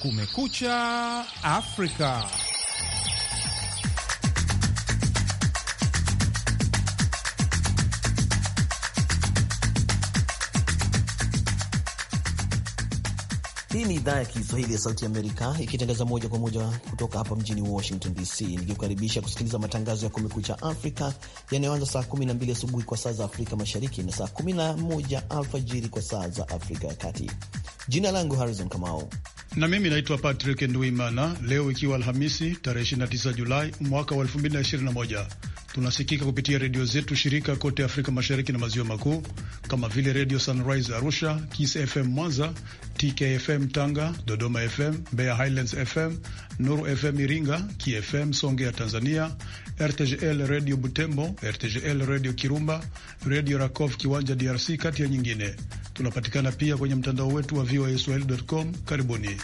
Kumekucha Afrika. Hii ni idhaa ya Kiswahili ya Sauti Amerika ikitangaza moja kwa moja kutoka hapa mjini Washington DC, nikikukaribisha kusikiliza matangazo ya Kumekucha Afrika yanayoanza saa 12 asubuhi kwa saa za Afrika Mashariki na saa 11 alfajiri kwa saa za Afrika ya Kati. Jina langu Harrison Kamau na mimi naitwa Patrick Nduimana. Leo ikiwa Alhamisi tarehe 29 Julai mwaka wa 2021 Tunasikika kupitia redio zetu shirika kote Afrika Mashariki na Maziwa Makuu, kama vile Redio Sunrise Arusha, Kis FM Mwanza, TKFM Tanga, Dodoma FM, Mbeya Highlands FM, Nuru FM Iringa, KFM Songea Tanzania, RTGL Redio Butembo, RTGL Redio Kirumba, Redio Rakov Kiwanja DRC, kati ya nyingine. Tunapatikana pia kwenye mtandao wetu wa voa voaswahili.com. Karibuni.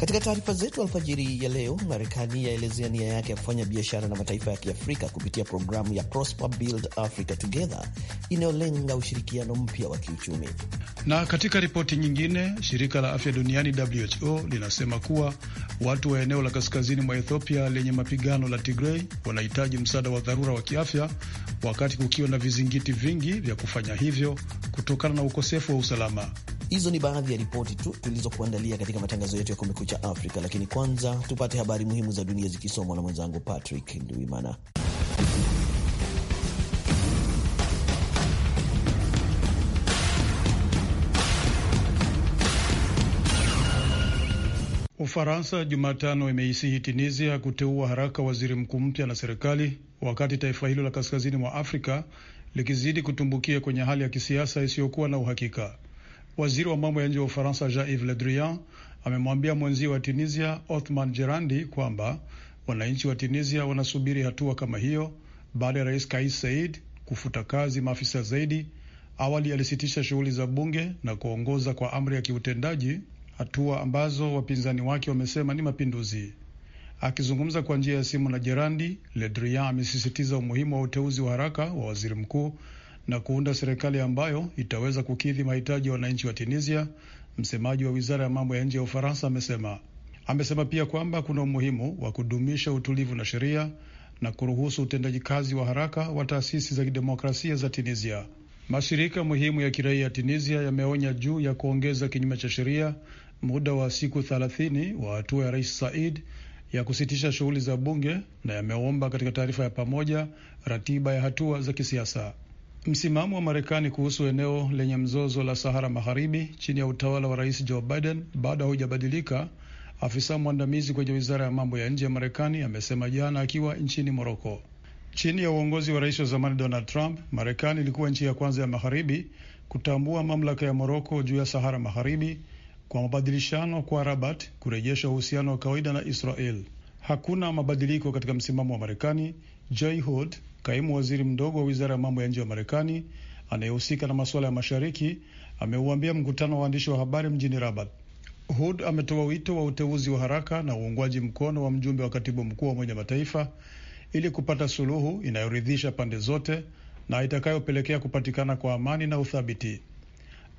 Katika taarifa zetu alfajiri ya leo, Marekani yaelezea nia yake ya kufanya biashara na mataifa ya Kiafrika kupitia programu ya Prosper Build Africa Together inayolenga ushirikiano mpya wa kiuchumi. Na katika ripoti nyingine, shirika la afya duniani WHO linasema kuwa watu wa eneo la kaskazini mwa Ethiopia lenye mapigano la tigrei wanahitaji msaada wa dharura wa kiafya, wakati kukiwa na vizingiti vingi vya kufanya hivyo kutokana na ukosefu wa usalama. Hizo ni baadhi ya ripoti tu tulizokuandalia katika matangazo yetu ya Kumekucha Afrika, lakini kwanza tupate habari muhimu za dunia zikisomwa na mwenzangu Patrick Nduimana. Ufaransa Jumatano imeisihi Tunisia kuteua haraka waziri mkuu mpya na serikali, wakati taifa hilo la kaskazini mwa Afrika likizidi kutumbukia kwenye hali ya kisiasa isiyokuwa na uhakika. Waziri wa mambo ya nje wa Ufaransa Jean-Yves Le Drian amemwambia mwenzie wa Tunisia Othman Jerandi kwamba wananchi wa Tunisia wanasubiri hatua kama hiyo baada ya rais Kais said kufuta kazi maafisa zaidi. Awali alisitisha shughuli za bunge na kuongoza kwa amri ya kiutendaji, hatua ambazo wapinzani wake wamesema ni mapinduzi. Akizungumza kwa njia ya simu na Jerandi, Le Drian amesisitiza umuhimu wa uteuzi wa haraka wa waziri mkuu na kuunda serikali ambayo itaweza kukidhi mahitaji ya wananchi wa Tunisia. Msemaji wa wizara ya mambo ya nje ya Ufaransa amesema amesema pia kwamba kuna umuhimu wa kudumisha utulivu na sheria na kuruhusu utendaji kazi wa haraka wa taasisi za kidemokrasia za Tunisia. Mashirika muhimu ya kiraia ya Tunisia yameonya juu ya kuongeza kinyume cha sheria muda wa siku thelathini wa hatua ya Rais Said ya kusitisha shughuli za bunge na yameomba katika taarifa ya pamoja ratiba ya hatua za kisiasa. Msimamo wa Marekani kuhusu eneo lenye mzozo la Sahara Magharibi chini ya utawala wa Rais Joe Biden bado haujabadilika, afisa mwandamizi kwenye wizara ya mambo ya nje ya Marekani amesema jana akiwa nchini Moroko. Chini ya uongozi wa rais wa zamani Donald Trump, Marekani ilikuwa nchi ya kwanza ya magharibi kutambua mamlaka ya Moroko juu ya Sahara Magharibi kwa mabadilishano kwa Rabat kurejesha uhusiano wa kawaida na Israel. Hakuna mabadiliko katika msimamo wa Marekani. Jay Hood, Kaimu waziri mdogo wa wizara ya mambo ya nje ya Marekani anayehusika na masuala ya mashariki ameuambia mkutano wa waandishi wa habari mjini Rabat. Hud ametoa wito wa uteuzi wa haraka na uungwaji mkono wa mjumbe wa katibu mkuu wa Umoja Mataifa ili kupata suluhu inayoridhisha pande zote na itakayopelekea kupatikana kwa amani na uthabiti.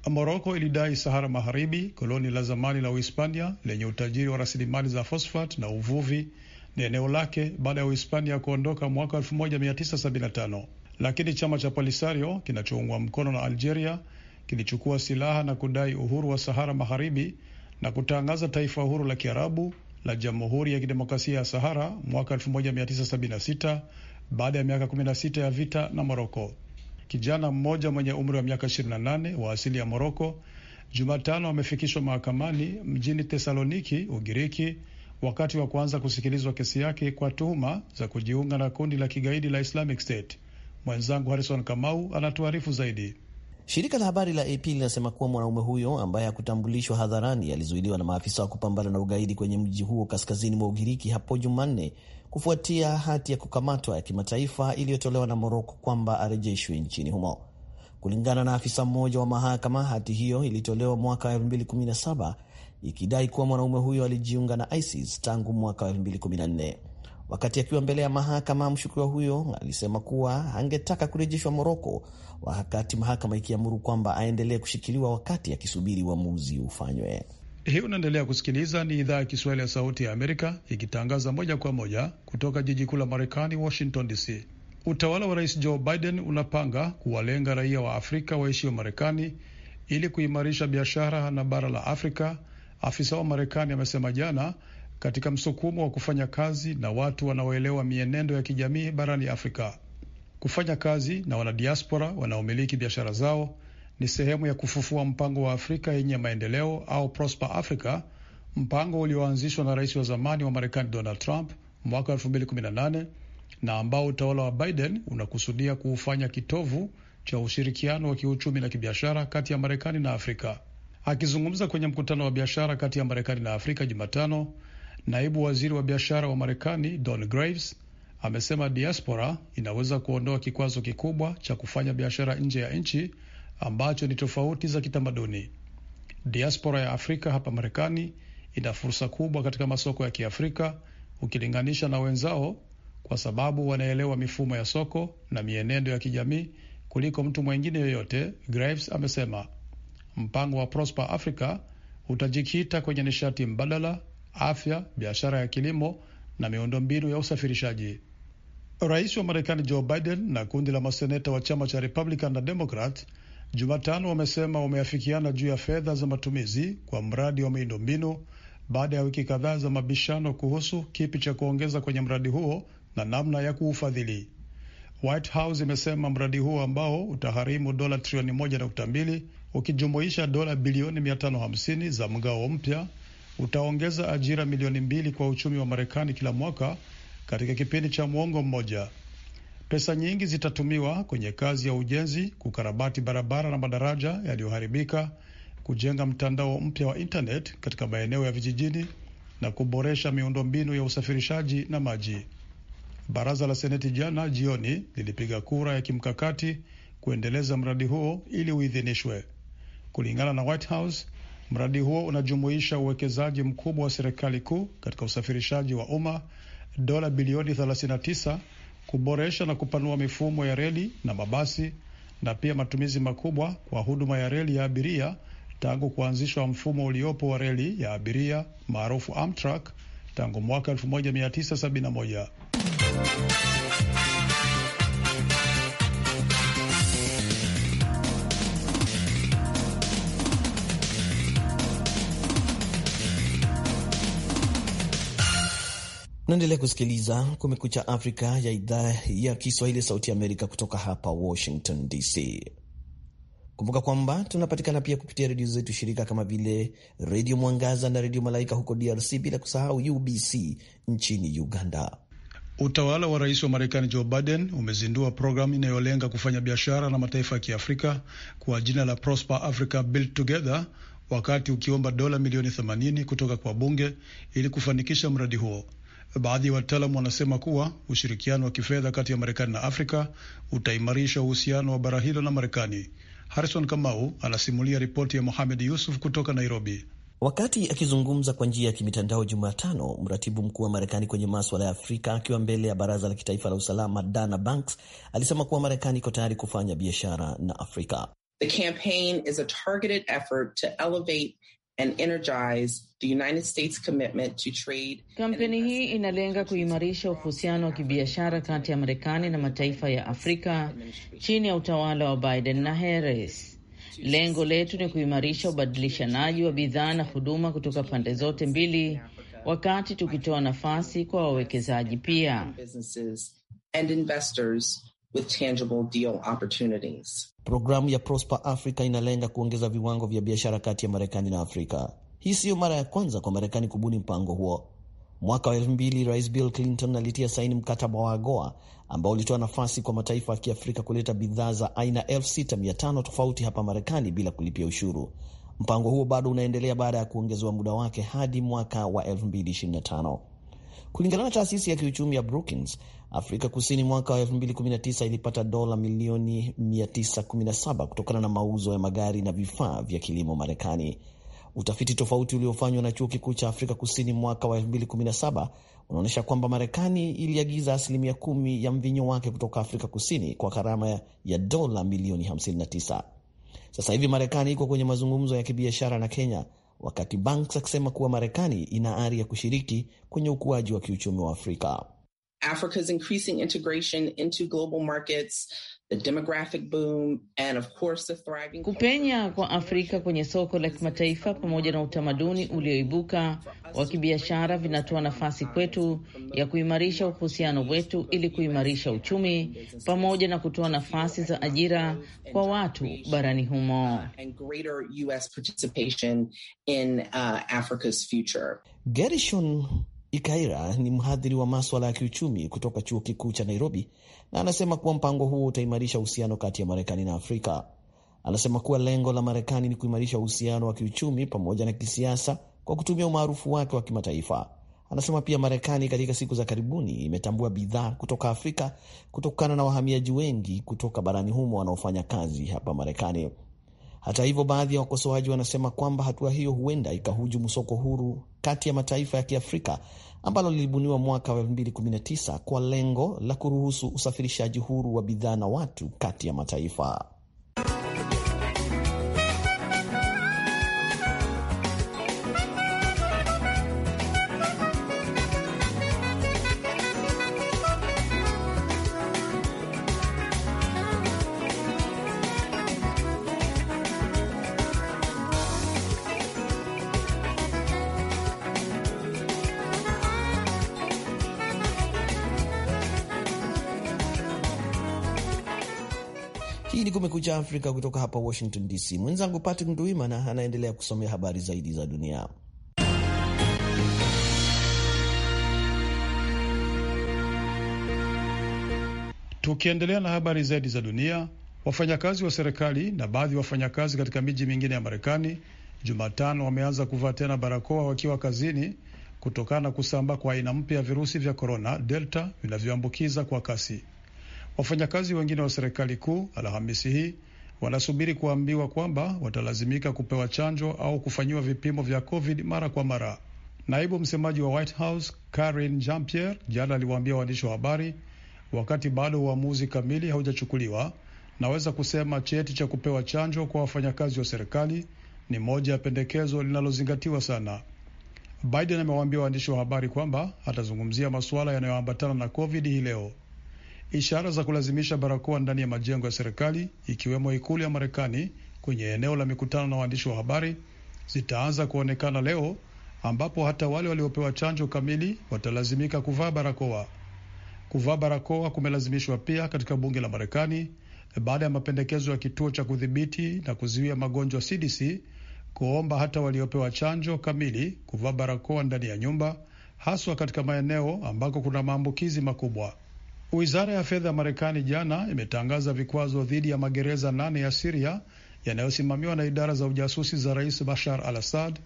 Moroko ilidai Sahara Magharibi, koloni la zamani la Uhispania lenye utajiri wa rasilimali za fosfat na uvuvi ni eneo lake baada ya Uhispania kuondoka mwaka 1975 lakini chama cha Polisario kinachoungwa mkono na Algeria kilichukua silaha na kudai uhuru wa Sahara Magharibi na kutangaza taifa huru la Kiarabu la Jamhuri ya Kidemokrasia ya Sahara mwaka 1976 baada ya miaka 16 ya vita na Moroko. Kijana mmoja mwenye umri wa miaka 28 wa asili ya Moroko Jumatano amefikishwa mahakamani mjini thesaloniki Ugiriki wakati wa kuanza kusikilizwa kesi yake kwa tuhuma za kujiunga na kundi la kigaidi la Islamic State. Mwenzangu Harrison Kamau anatuarifu zaidi. Shirika la habari la AP linasema kuwa mwanaume huyo ambaye hakutambulishwa hadharani alizuiliwa na maafisa wa kupambana na ugaidi kwenye mji huo kaskazini mwa Ugiriki hapo Jumanne kufuatia hati ya kukamatwa ya kimataifa iliyotolewa na Moroko kwamba arejeshwe nchini humo. Kulingana na afisa mmoja wa mahakama, hati hiyo ilitolewa mwaka 2017 ikidai kuwa mwanaume huyo alijiunga na ISIS tangu mwaka wa 2014. Wakati akiwa mbele ya mahakama, mshukiwa huyo alisema kuwa angetaka kurejeshwa Moroko, wakati mahakama ikiamuru kwamba aendelee kushikiliwa wakati akisubiri uamuzi wa ufanywe. Hii unaendelea kusikiliza, ni idhaa ya Kiswahili ya Sauti ya Amerika ikitangaza moja kwa moja kutoka jiji kuu la Marekani, Washington DC. Utawala wa Rais Joe Biden unapanga kuwalenga raia wa Afrika waishio Marekani ili kuimarisha biashara na bara la Afrika afisa wa Marekani amesema jana katika msukumo wa kufanya kazi na watu wanaoelewa mienendo ya kijamii barani Afrika. Kufanya kazi na wanadiaspora wanaomiliki biashara zao ni sehemu ya kufufua mpango wa Afrika yenye maendeleo au Prosper Africa, mpango ulioanzishwa na rais wa zamani wa Marekani Donald Trump mwaka 2018 na ambao utawala wa Biden unakusudia kuufanya kitovu cha ushirikiano wa kiuchumi na kibiashara kati ya Marekani na Afrika. Akizungumza kwenye mkutano wa biashara kati ya Marekani na Afrika Jumatano, naibu waziri wa biashara wa Marekani Don Graves amesema diaspora inaweza kuondoa kikwazo kikubwa cha kufanya biashara nje ya nchi ambacho ni tofauti za kitamaduni. Diaspora ya Afrika hapa Marekani ina fursa kubwa katika masoko ya Kiafrika ukilinganisha na wenzao, kwa sababu wanaelewa mifumo ya soko na mienendo ya kijamii kuliko mtu mwingine yoyote, Graves amesema. Mpango wa Prosper Africa utajikita kwenye nishati mbadala, afya, biashara ya kilimo na miundombinu ya usafirishaji. Rais wa Marekani Joe Biden na kundi la maseneta wa chama cha Republican na Democrat Jumatano wamesema wameafikiana juu ya fedha za matumizi kwa mradi wa miundombinu baada ya wiki kadhaa za mabishano kuhusu kipi cha kuongeza kwenye mradi huo na namna ya kuufadhili. White House imesema mradi huo ambao utaharimu dola trilioni moja nukta mbili ukijumuisha dola bilioni 550 za mgao mpya utaongeza ajira milioni mbili kwa uchumi wa Marekani kila mwaka katika kipindi cha mwongo mmoja. Pesa nyingi zitatumiwa kwenye kazi ya ujenzi, kukarabati barabara na madaraja yaliyoharibika, kujenga mtandao mpya wa intanet katika maeneo ya vijijini na kuboresha miundombinu ya usafirishaji na maji. Baraza la Seneti jana jioni lilipiga kura ya kimkakati kuendeleza mradi huo ili uidhinishwe. Kulingana na White House, mradi huo unajumuisha uwekezaji mkubwa wa serikali kuu katika usafirishaji wa umma dola bilioni 39, kuboresha na kupanua mifumo ya reli na mabasi na pia matumizi makubwa kwa huduma ya reli ya abiria tangu kuanzishwa mfumo uliopo wa reli ya abiria maarufu Amtrak tangu mwaka 1971. Naendelea kusikiliza Kumekucha Afrika ya idhaa ya Kiswahili ya Sauti ya Amerika kutoka hapa Washington DC. Kumbuka kwamba tunapatikana pia kupitia redio zetu shirika kama vile Redio Mwangaza na Redio Malaika huko DRC, bila kusahau UBC nchini Uganda. Utawala wa rais wa Marekani Joe Biden umezindua programu inayolenga kufanya biashara na mataifa ya Kiafrika kwa jina la Prosper Africa Build Together, wakati ukiomba dola milioni 80 kutoka kwa bunge ili kufanikisha mradi huo. Baadhi ya wataalamu wanasema kuwa ushirikiano wa kifedha kati ya Marekani na Afrika utaimarisha uhusiano wa bara hilo na Marekani. Harrison Kamau anasimulia ripoti ya Mohamed Yusuf kutoka Nairobi. Wakati akizungumza kwa njia ya kimitandao Jumatano, mratibu mkuu wa Marekani kwenye maswala ya Afrika akiwa mbele ya baraza la kitaifa la usalama, Dana Banks alisema kuwa Marekani iko tayari kufanya biashara na Afrika. The campaign is a targeted effort to elevate and energize the United States commitment to trade. Kampeni hii inalenga kuimarisha uhusiano wa kibiashara kati ya Marekani na mataifa ya Afrika chini ya utawala wa Biden na Harris. Lengo letu ni kuimarisha ubadilishanaji wa bidhaa na huduma kutoka pande zote mbili wakati tukitoa nafasi kwa wawekezaji pia and investors with tangible deal opportunities. Programu ya Prosper Africa inalenga kuongeza viwango vya biashara kati ya Marekani na Afrika. Hii siyo mara ya kwanza kwa Marekani kubuni mpango huo. Mwaka wa elfu mbili Rais Bill Clinton alitia saini mkataba wa AGOA ambao ulitoa nafasi kwa mataifa ya Kiafrika kuleta bidhaa za aina elfu sita mia tano tofauti hapa Marekani bila kulipia ushuru. Mpango huo bado unaendelea baada ya kuongezewa muda wake hadi mwaka wa 2025. Kulingana na taasisi ya kiuchumi ya Brookings, Afrika Kusini mwaka wa 2019 ilipata dola milioni 917 kutokana na mauzo ya magari na vifaa vya kilimo Marekani. Utafiti tofauti uliofanywa na chuo kikuu cha Afrika Kusini mwaka wa 2017 unaonyesha kwamba Marekani iliagiza asilimia kumi ya mvinyo wake kutoka Afrika Kusini kwa gharama ya dola milioni 59. Sasa hivi Marekani iko kwenye mazungumzo ya kibiashara na Kenya, wakati Banks akisema kuwa Marekani ina ari ya kushiriki kwenye ukuaji wa kiuchumi wa Afrika. Africa's increasing integration into global markets, the demographic boom, and of course the thriving... kupenya kwa Afrika kwenye soko la kimataifa pamoja na utamaduni ulioibuka wa kibiashara vinatoa nafasi kwetu ya kuimarisha uhusiano wetu ili kuimarisha uchumi pamoja na kutoa nafasi za ajira kwa watu barani humo. Uh, Gershon Ikaira ni mhadhiri wa maswala ya kiuchumi kutoka chuo kikuu cha Nairobi, na anasema kuwa mpango huo utaimarisha uhusiano kati ya Marekani na Afrika. Anasema kuwa lengo la Marekani ni kuimarisha uhusiano wa kiuchumi pamoja na kisiasa kwa kutumia umaarufu wake wa kimataifa. Anasema pia Marekani katika siku za karibuni imetambua bidhaa kutoka Afrika kutokana na wahamiaji wengi kutoka barani humo wanaofanya kazi hapa Marekani. Hata hivyo, baadhi ya wakosoaji wanasema kwamba hatua hiyo huenda ikahujumu soko huru kati ya mataifa ya Kiafrika ambalo lilibuniwa mwaka wa 2019 kwa lengo la kuruhusu usafirishaji huru wa bidhaa na watu kati ya mataifa. Afrika kutoka hapa Washington DC. Mwenzangu Patrick Nduimana anaendelea kusomea habari zaidi za dunia. Tukiendelea na habari zaidi za dunia, wafanyakazi wa serikali na baadhi ya wafanyakazi katika miji mingine ya Marekani Jumatano wameanza kuvaa tena barakoa wakiwa kazini kutokana na kusambaa kwa aina mpya ya virusi vya korona delta vinavyoambukiza kwa kasi. Wafanyakazi wengine wa serikali kuu Alhamisi hii wanasubiri kuambiwa kwamba watalazimika kupewa chanjo au kufanyiwa vipimo vya COVID mara kwa mara. Naibu msemaji wa White House Karine Jean-Pierre jana aliwaambia waandishi wa habari, wakati bado uamuzi kamili haujachukuliwa, naweza kusema cheti cha kupewa chanjo kwa wafanyakazi wa serikali ni moja ya pendekezo linalozingatiwa sana. Biden amewaambia waandishi wa habari kwamba atazungumzia masuala yanayoambatana na COVID hii leo ishara za kulazimisha barakoa ndani ya majengo ya serikali ikiwemo ikulu ya Marekani kwenye eneo la mikutano na waandishi wa habari zitaanza kuonekana leo, ambapo hata wale waliopewa chanjo kamili watalazimika kuvaa barakoa. Kuvaa barakoa kumelazimishwa pia katika bunge la Marekani baada ya mapendekezo ya kituo cha kudhibiti na kuzuia magonjwa CDC kuomba hata waliopewa chanjo kamili kuvaa barakoa ndani ya nyumba, haswa katika maeneo ambako kuna maambukizi makubwa. Wizara ya fedha ya Marekani jana imetangaza vikwazo dhidi ya magereza nane ya Siria yanayosimamiwa na idara za ujasusi za Rais Bashar al Assad,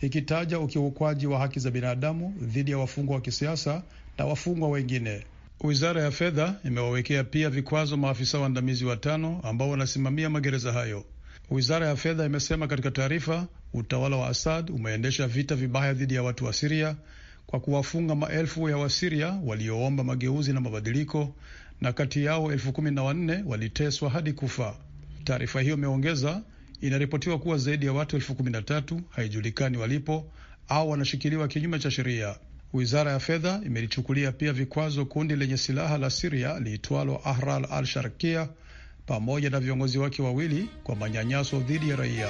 ikitaja ukiukwaji wa haki za binadamu dhidi ya wafungwa wa kisiasa na wafungwa wengine. Wizara ya fedha imewawekea pia vikwazo maafisa waandamizi watano ambao wanasimamia magereza hayo. Wizara ya fedha imesema katika taarifa, utawala wa Assad umeendesha vita vibaya dhidi ya watu wa Siria kwa kuwafunga maelfu ya Wasiria walioomba mageuzi na mabadiliko, na kati yao elfu kumi na wanne waliteswa hadi kufa. Taarifa hiyo imeongeza, inaripotiwa kuwa zaidi ya watu elfu kumi na tatu haijulikani walipo au wanashikiliwa kinyume cha sheria. Wizara ya fedha imelichukulia pia vikwazo kundi lenye silaha la Siria liitwalo Ahrar al Sharkia pamoja na viongozi wake wawili kwa manyanyaso dhidi ya raia.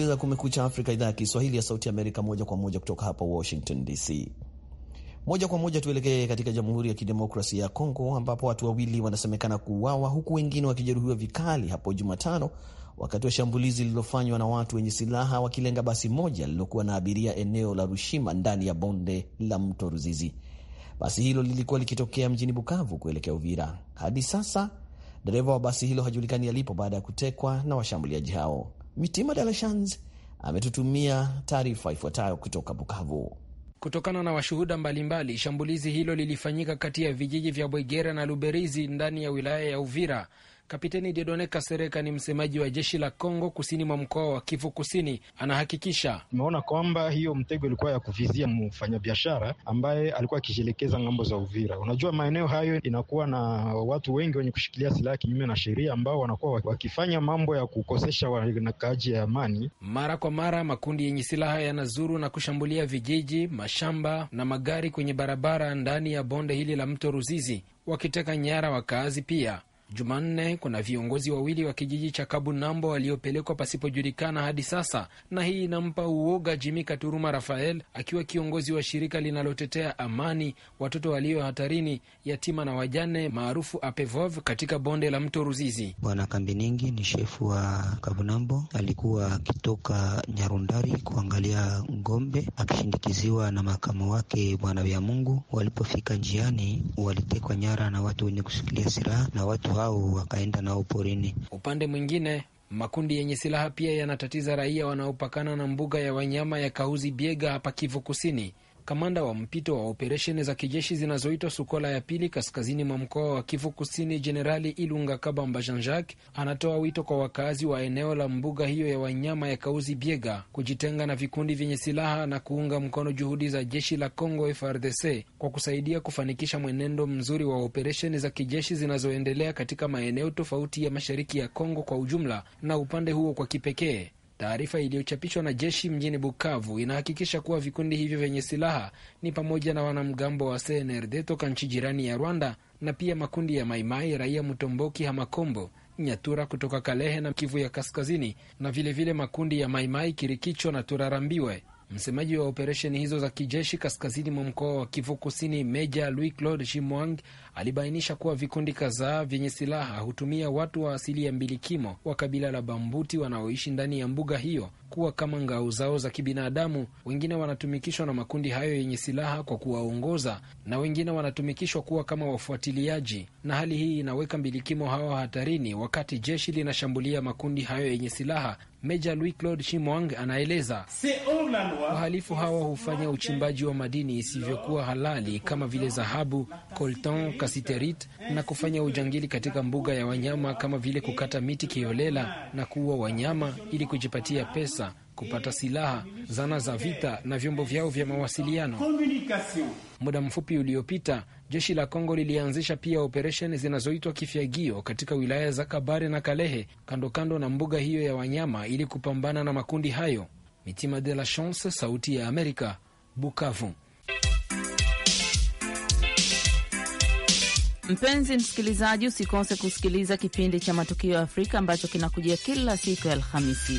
kusikiliza Kumekucha Afrika, idhaa ya Kiswahili ya Sauti Amerika, moja kwa moja kutoka hapa Washington DC. Moja kwa moja tuelekee katika Jamhuri ya Kidemokrasia ya Kongo ambapo watu wawili wanasemekana kuuawa huku wengine wakijeruhiwa vikali hapo Jumatano wakati wa shambulizi lililofanywa na watu wenye silaha wakilenga basi moja lililokuwa na abiria eneo la Rushima ndani ya bonde la mto Ruzizi. Basi hilo lilikuwa likitokea mjini Bukavu kuelekea Uvira. Hadi sasa dereva wa basi hilo hajulikani alipo baada ya kutekwa na washambuliaji hao. Mitima de ametutumia taarifa ifuatayo kutoka Bukavu. Kutokana na washuhuda mbalimbali, shambulizi hilo lilifanyika kati ya vijiji vya Bwegera na Luberizi ndani ya wilaya ya Uvira Kapiteni Dedone kasereka ni msemaji wa jeshi la Kongo kusini mwa mkoa wa Kivu Kusini, anahakikisha tumeona kwamba hiyo mtego ilikuwa ya kuvizia mfanyabiashara ambaye alikuwa akijielekeza ng'ambo za Uvira. Unajua, maeneo hayo inakuwa na watu wengi wenye kushikilia silaha kinyume na sheria, ambao wanakuwa wakifanya mambo ya kukosesha wanakaaji ya amani. Mara kwa mara makundi yenye silaha yanazuru na kushambulia vijiji, mashamba na magari kwenye barabara ndani ya bonde hili la mto Ruzizi, wakiteka nyara wakaazi pia Jumanne kuna viongozi wawili wa kijiji cha Kabunambo waliopelekwa pasipojulikana hadi sasa, na hii inampa uoga Jimi Katuruma Rafael, akiwa kiongozi wa shirika linalotetea amani watoto walio hatarini, yatima na wajane maarufu APEVOV katika bonde la mto Ruzizi. Bwana Kambiningi ni shefu wa Kabunambo, alikuwa akitoka Nyarundari kuangalia ngombe akishindikiziwa na makamu wake Bwana vyamungu Walipofika njiani, walitekwa nyara na watu wenye kushikilia silaha na watu wao wakaenda nao porini. Upande mwingine makundi yenye silaha pia yanatatiza raia wanaopakana na mbuga ya wanyama ya Kahuzi Biega hapa Kivu Kusini kamanda wa mpito wa operesheni za kijeshi zinazoitwa Sukola ya pili kaskazini mwa mkoa wa Kivu Kusini, Jenerali Ilunga Kabamba Jean Jacques anatoa wito kwa wakazi wa eneo la mbuga hiyo ya wanyama ya Kauzi Biega kujitenga na vikundi vyenye silaha na kuunga mkono juhudi za jeshi la Congo FRDC kwa kusaidia kufanikisha mwenendo mzuri wa operesheni za kijeshi zinazoendelea katika maeneo tofauti ya mashariki ya Kongo kwa ujumla na upande huo kwa kipekee. Taarifa iliyochapishwa na jeshi mjini Bukavu inahakikisha kuwa vikundi hivyo vyenye silaha ni pamoja na wanamgambo wa CNRD toka nchi jirani ya Rwanda na pia makundi ya Maimai, Raia Mutomboki, Hamakombo, Nyatura kutoka Kalehe na Kivu ya Kaskazini, na vilevile vile makundi ya Maimai, Kirikichwa na Turarambiwe Msemaji wa operesheni hizo za kijeshi kaskazini mwa mkoa wa Kivu Kusini, Meja Louis Claude Shimwang alibainisha kuwa vikundi kadhaa vyenye silaha hutumia watu wa asili ya mbilikimo wa kabila la Bambuti wanaoishi ndani ya mbuga hiyo kuwa kama ngao zao za kibinadamu. Wengine wanatumikishwa na makundi hayo yenye silaha kwa kuwaongoza, na wengine wanatumikishwa kuwa kama wafuatiliaji, na hali hii inaweka mbilikimo hawa hatarini wakati jeshi linashambulia makundi hayo yenye silaha. Meja Louis Claude Shimwang anaeleza wahalifu hawa hufanya uchimbaji wa madini isivyokuwa halali kama vile dhahabu, coltan, kasiterit na kufanya ujangili katika mbuga ya wanyama kama vile kukata miti kiholela na kuua wanyama ili kujipatia pesa kupata silaha, zana za vita na vyombo vyao vya mawasiliano. Muda mfupi uliopita jeshi la Kongo lilianzisha pia operesheni zinazoitwa kifyagio katika wilaya za Kabare na Kalehe, kando kando na mbuga hiyo ya wanyama ili kupambana na makundi hayo. Mitima de la Chance, Sauti ya Amerika, Bukavu. Mpenzi msikilizaji, usikose kusikiliza kipindi cha Matukio ya Afrika ambacho kinakujia kila siku ya Alhamisi.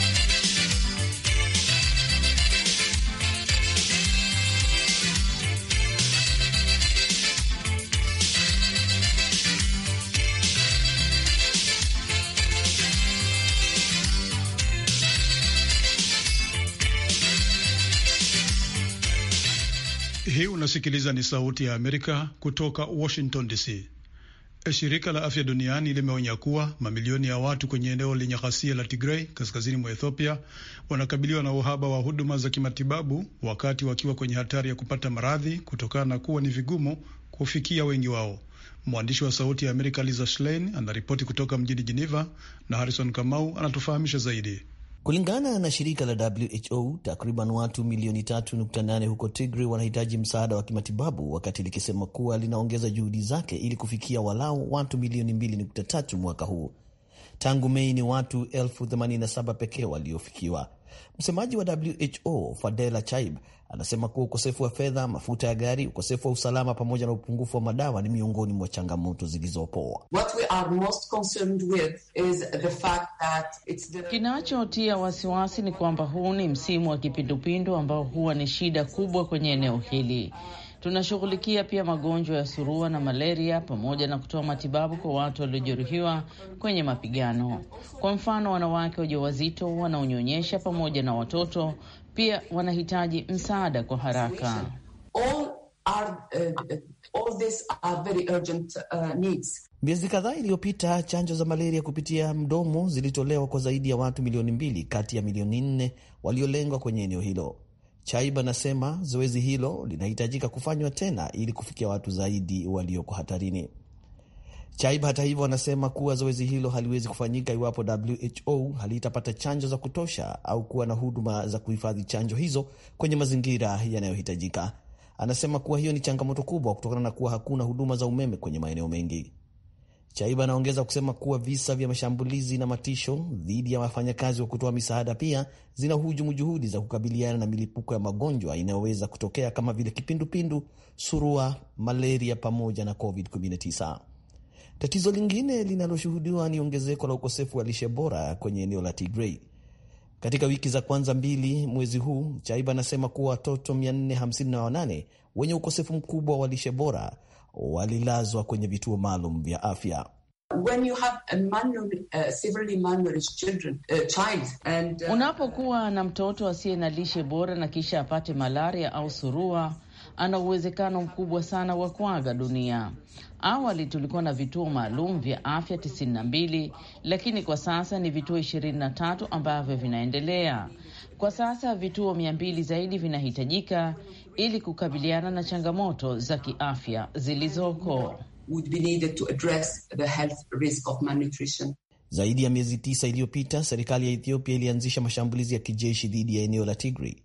Hii unasikiliza ni Sauti ya Amerika kutoka Washington DC. E, shirika la Afya Duniani limeonya kuwa mamilioni ya watu kwenye eneo lenye ghasia la tigrei kaskazini mwa Ethiopia wanakabiliwa na uhaba wa huduma za kimatibabu, wakati wakiwa kwenye hatari ya kupata maradhi kutokana na kuwa ni vigumu kufikia wengi wao. Mwandishi wa Sauti ya Amerika Lisa Schlein anaripoti kutoka mjini Geneva na Harrison Kamau anatufahamisha zaidi. Kulingana na shirika la WHO, takriban watu milioni 3.8 huko tigri wanahitaji msaada wa kimatibabu, wakati likisema kuwa linaongeza juhudi zake ili kufikia walau watu milioni 2.3 mwaka huu. Tangu Mei ni watu 87 pekee waliofikiwa. Msemaji wa WHO Fadela Chaib anasema kuwa ukosefu wa fedha, mafuta ya gari, ukosefu wa usalama pamoja na upungufu wa madawa ni miongoni mwa changamoto zilizopo. Kinachotia wasiwasi ni kwamba huu ni msimu wa kipindupindu ambao huwa ni shida kubwa kwenye eneo hili. Tunashughulikia pia magonjwa ya surua na malaria pamoja na kutoa matibabu kwa watu waliojeruhiwa kwenye mapigano. Kwa mfano, wanawake wajawazito, wanaonyonyesha pamoja na watoto pia wanahitaji msaada kwa haraka. Uh, uh, Miezi kadhaa iliyopita chanjo za malaria kupitia mdomo zilitolewa kwa zaidi ya watu milioni mbili kati ya milioni nne waliolengwa kwenye eneo hilo. Chaib anasema zoezi hilo linahitajika kufanywa tena ili kufikia watu zaidi walioko hatarini. Chaib hata hivyo anasema kuwa zoezi hilo haliwezi kufanyika iwapo WHO halitapata chanjo za kutosha au kuwa na huduma za kuhifadhi chanjo hizo kwenye mazingira yanayohitajika. Anasema kuwa hiyo ni changamoto kubwa kutokana na kuwa hakuna huduma za umeme kwenye maeneo mengi. Chaiba anaongeza kusema kuwa visa vya mashambulizi na matisho dhidi ya wafanyakazi wa kutoa misaada pia zinahujumu juhudi za kukabiliana na milipuko ya magonjwa inayoweza kutokea kama vile kipindupindu, surua, malaria pamoja na COVID-19. Tatizo lingine linaloshuhudiwa ni ongezeko la ukosefu wa lishe bora kwenye eneo la Tigray. Katika wiki za kwanza mbili mwezi huu, Chaiba anasema kuwa watoto 458 wenye ukosefu mkubwa wa lishe bora walilazwa kwenye vituo maalum vya afya. Uh, uh, uh, Unapokuwa na mtoto asiye na lishe bora na kisha apate malaria au surua, ana uwezekano mkubwa sana wa kuaga dunia. Awali tulikuwa na vituo maalum vya afya 92 lakini kwa sasa ni vituo 23 ambavyo vinaendelea. Kwa sasa vituo mia mbili zaidi vinahitajika ili kukabiliana na changamoto za kiafya zilizoko. Zaidi ya miezi tisa iliyopita, serikali ya Ethiopia ilianzisha mashambulizi ya kijeshi dhidi ya eneo la Tigray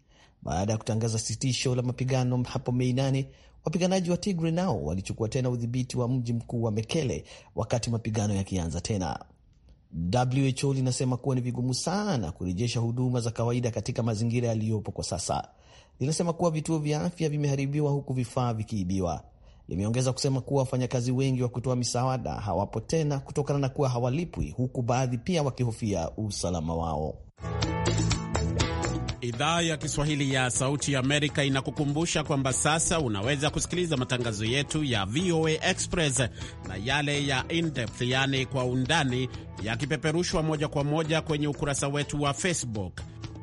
baada ya kutangaza sitisho la mapigano hapo Mei nane. Wapiganaji wa tigri nao walichukua tena udhibiti wa mji mkuu wa Mekele wakati mapigano yakianza tena. WHO linasema kuwa ni vigumu sana kurejesha huduma za kawaida katika mazingira yaliyopo kwa sasa linasema kuwa vituo vya afya vimeharibiwa huku vifaa vikiibiwa. Limeongeza kusema kuwa wafanyakazi wengi wa kutoa misaada hawapo tena kutokana na kuwa hawalipwi, huku baadhi pia wakihofia usalama wao. Idhaa ya Kiswahili ya Sauti ya Amerika inakukumbusha kwamba sasa unaweza kusikiliza matangazo yetu ya VOA Express na yale ya in-depth, yaani kwa undani, yakipeperushwa moja kwa moja kwenye ukurasa wetu wa Facebook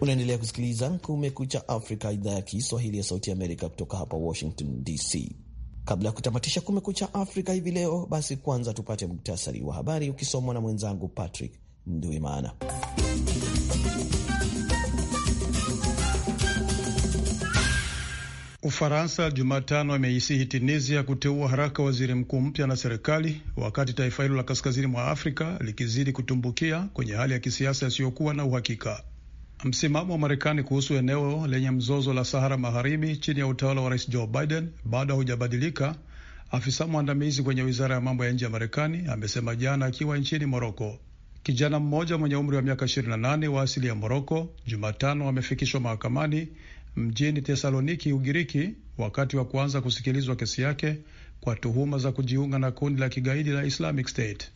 Unaendelea kusikiliza Kumekucha Afrika, idhaa ya Kiswahili ya Sauti Amerika kutoka hapa Washington DC. Kabla ya kutamatisha Kumekucha Afrika hivi leo, basi kwanza tupate muktasari wa habari ukisomwa na mwenzangu Patrick Nduimana. Ufaransa Jumatano ameisihi Tunisia kuteua haraka waziri mkuu mpya na serikali, wakati taifa hilo la kaskazini mwa Afrika likizidi kutumbukia kwenye hali ya kisiasa isiyokuwa na uhakika. Msimamo wa Marekani kuhusu eneo lenye mzozo la Sahara Magharibi chini ya utawala wa Rais Joe Biden bado haujabadilika, afisa mwandamizi kwenye wizara ya mambo ya nje ya Marekani amesema jana akiwa nchini Moroko. Kijana mmoja mwenye umri wa miaka 28 wa asili ya Moroko Jumatano amefikishwa mahakamani mjini Tesaloniki, Ugiriki, wakati wa kuanza kusikilizwa kesi yake kwa tuhuma za kujiunga na kundi la kigaidi la Islamic State.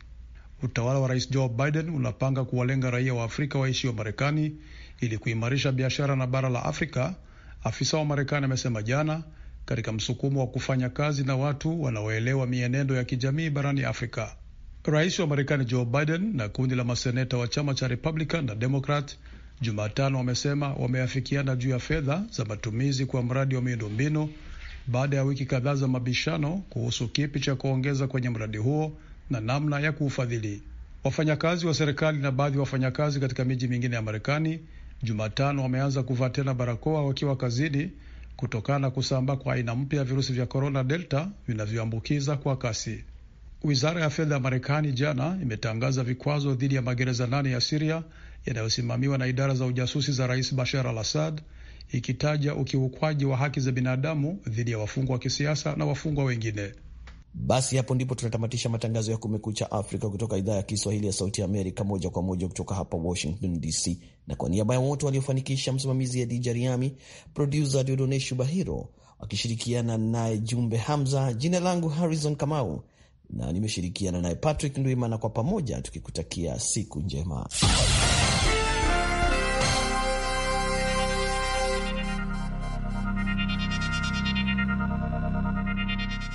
Utawala wa Rais Joe Biden unapanga kuwalenga raia wa Afrika wa Marekani ili kuimarisha biashara na bara la Afrika, afisa wa Marekani amesema jana, katika msukumo wa kufanya kazi na watu wanaoelewa mienendo ya kijamii barani Afrika. Rais wa Marekani Joe Biden na kundi la maseneta wa chama cha Republican na Democrat Jumatano wamesema wameafikiana juu ya fedha za matumizi kwa mradi wa miundombinu baada ya wiki kadhaa za mabishano kuhusu kipi cha kuongeza kwenye mradi huo na namna ya kuufadhili. Wafanyakazi wa serikali na baadhi ya wafanyakazi katika miji mingine ya Marekani Jumatano wameanza kuvaa tena barakoa wakiwa kazini kutokana na kusambaa kwa aina mpya ya virusi vya korona delta vinavyoambukiza kwa kasi. Wizara ya fedha ya Marekani jana imetangaza vikwazo dhidi ya magereza nane ya Siria yanayosimamiwa na idara za ujasusi za Rais Bashar al Assad, ikitaja ukiukwaji wa haki za binadamu dhidi ya wafungwa wa kisiasa na wafungwa wengine. Basi hapo ndipo tunatamatisha matangazo ya Kumekucha Afrika kutoka idhaa ya Kiswahili ya Sauti ya Amerika, moja kwa moja kutoka hapa Washington DC, na kwa niaba ya wote waliofanikisha, msimamizi ya Dija Riami, produsa Diodone Shubahiro akishirikiana naye Jumbe Hamza. Jina langu Harrison Kamau na nimeshirikiana naye Patrick Ndwimana, kwa pamoja tukikutakia siku njema.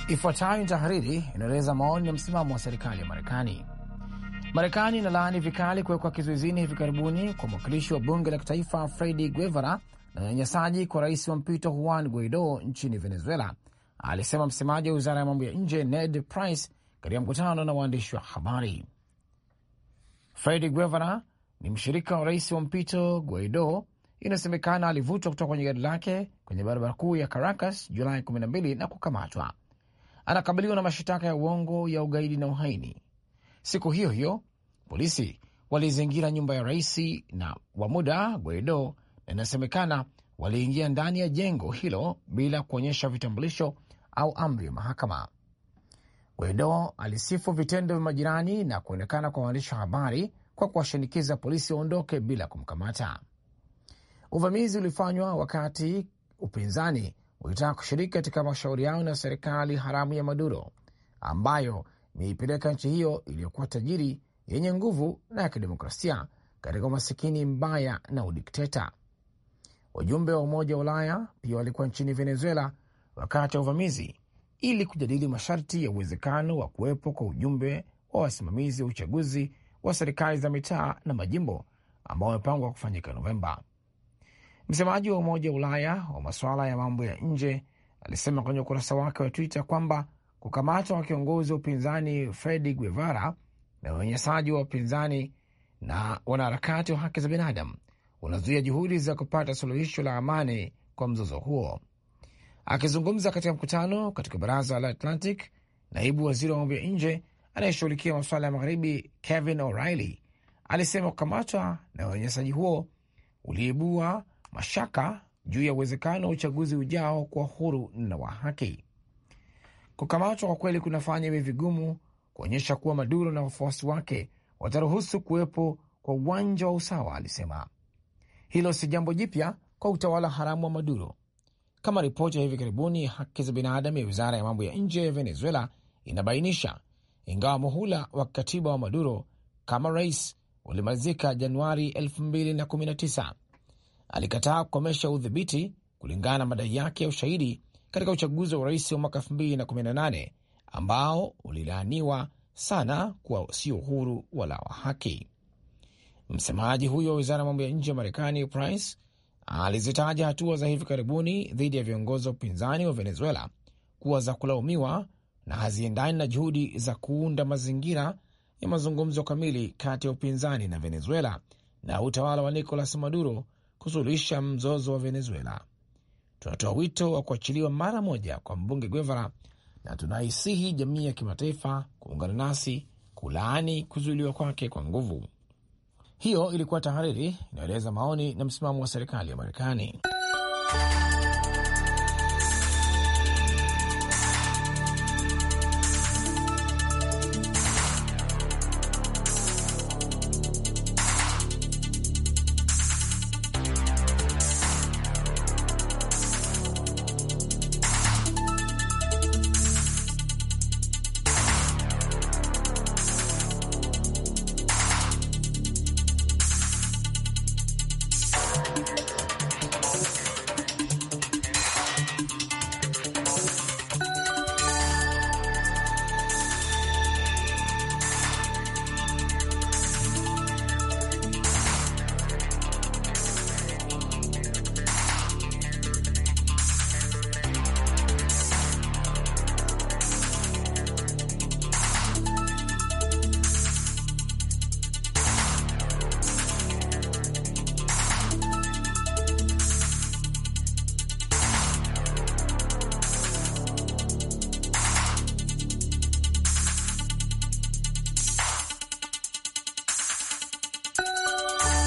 Ifuatayo ni tahariri inaeleza maoni na msimamo wa serikali ya Marekani. Marekani inalaani vikali kuwekwa kizuizini hivi karibuni kwa mwakilishi wa bunge la kitaifa Fredi Guevara na unyanyasaji kwa rais wa mpito Juan Guaido nchini Venezuela, alisema msemaji wa wizara ya mambo ya nje Ned Price katika mkutano na waandishi wa habari. Fredi Guevara ni mshirika wa rais wa mpito Guaido. Inasemekana alivutwa kutoka kwenye gari lake kwenye barabara kuu ya Caracas Julai 12 na kukamatwa anakabiliwa na mashtaka ya uongo ya ugaidi na uhaini. Siku hiyo hiyo polisi walizingira nyumba ya rais na wa muda Guaido, na inasemekana waliingia ndani ya jengo hilo bila kuonyesha vitambulisho au amri ya mahakama. Guaido alisifu vitendo vya majirani na kuonekana kwa waandishi wa habari kwa kuwashinikiza polisi waondoke bila kumkamata. Uvamizi ulifanywa wakati upinzani ulitaka kushiriki katika mashauriano na serikali haramu ya Maduro ambayo imeipeleka nchi hiyo iliyokuwa tajiri yenye nguvu na ya kidemokrasia katika umasikini mbaya na udikteta. Wajumbe wa Umoja wa Ulaya pia walikuwa nchini Venezuela wakati wa uvamizi ili kujadili masharti ya uwezekano wa kuwepo kwa ujumbe wa wasimamizi wa uchaguzi wa serikali za mitaa na majimbo ambao wamepangwa kufanyika Novemba. Msemaji wa Umoja wa Ulaya wa masuala ya mambo ya nje alisema kwenye ukurasa wake wa Twitter kwamba kukamatwa wa kiongozi wa upinzani Fredi Guevara na unyanyasaji wa upinzani na wanaharakati wa haki za binadamu unazuia juhudi za kupata suluhisho la amani kwa mzozo huo. Akizungumza katika mkutano katika baraza la Atlantic, naibu waziri wa mambo ya nje anayeshughulikia masuala ya magharibi Kevin O'Reilly alisema kukamatwa na unyanyasaji huo uliibua mashaka juu ya uwezekano wa uchaguzi ujao kwa huru na wa haki. Kukamatwa kwa kweli kunafanya iwe vigumu kuonyesha kuwa Maduro na wafuasi wake wataruhusu kuwepo kwa uwanja wa usawa, alisema. Hilo si jambo jipya kwa utawala haramu wa Maduro, kama ripoti ya hivi karibuni ya haki za binadamu ya wizara ya mambo ya nje ya Venezuela inabainisha, ingawa muhula wa katiba wa Maduro kama rais ulimalizika Januari 2019 alikataa kukomesha udhibiti kulingana na madai yake ya ushahidi katika uchaguzi wa urais wa mwaka 2018 ambao ulilaaniwa sana kuwa sio uhuru wala wa haki. Msemaji huyo wa wizara ya mambo ya nje ya Marekani, Price, alizitaja hatua za hivi karibuni dhidi ya viongozi wa upinzani wa Venezuela kuwa za kulaumiwa na haziendani na juhudi za kuunda mazingira ya mazungumzo kamili kati ya upinzani na Venezuela na utawala wa Nicolas Maduro kusuluhisha mzozo wa Venezuela. Tunatoa wito wa kuachiliwa mara moja kwa mbunge Guevara na tunaisihi jamii ya kimataifa kuungana nasi kulaani kuzuiliwa kwake kwa nguvu. Hiyo ilikuwa tahariri inayoeleza maoni na msimamo wa serikali ya Marekani.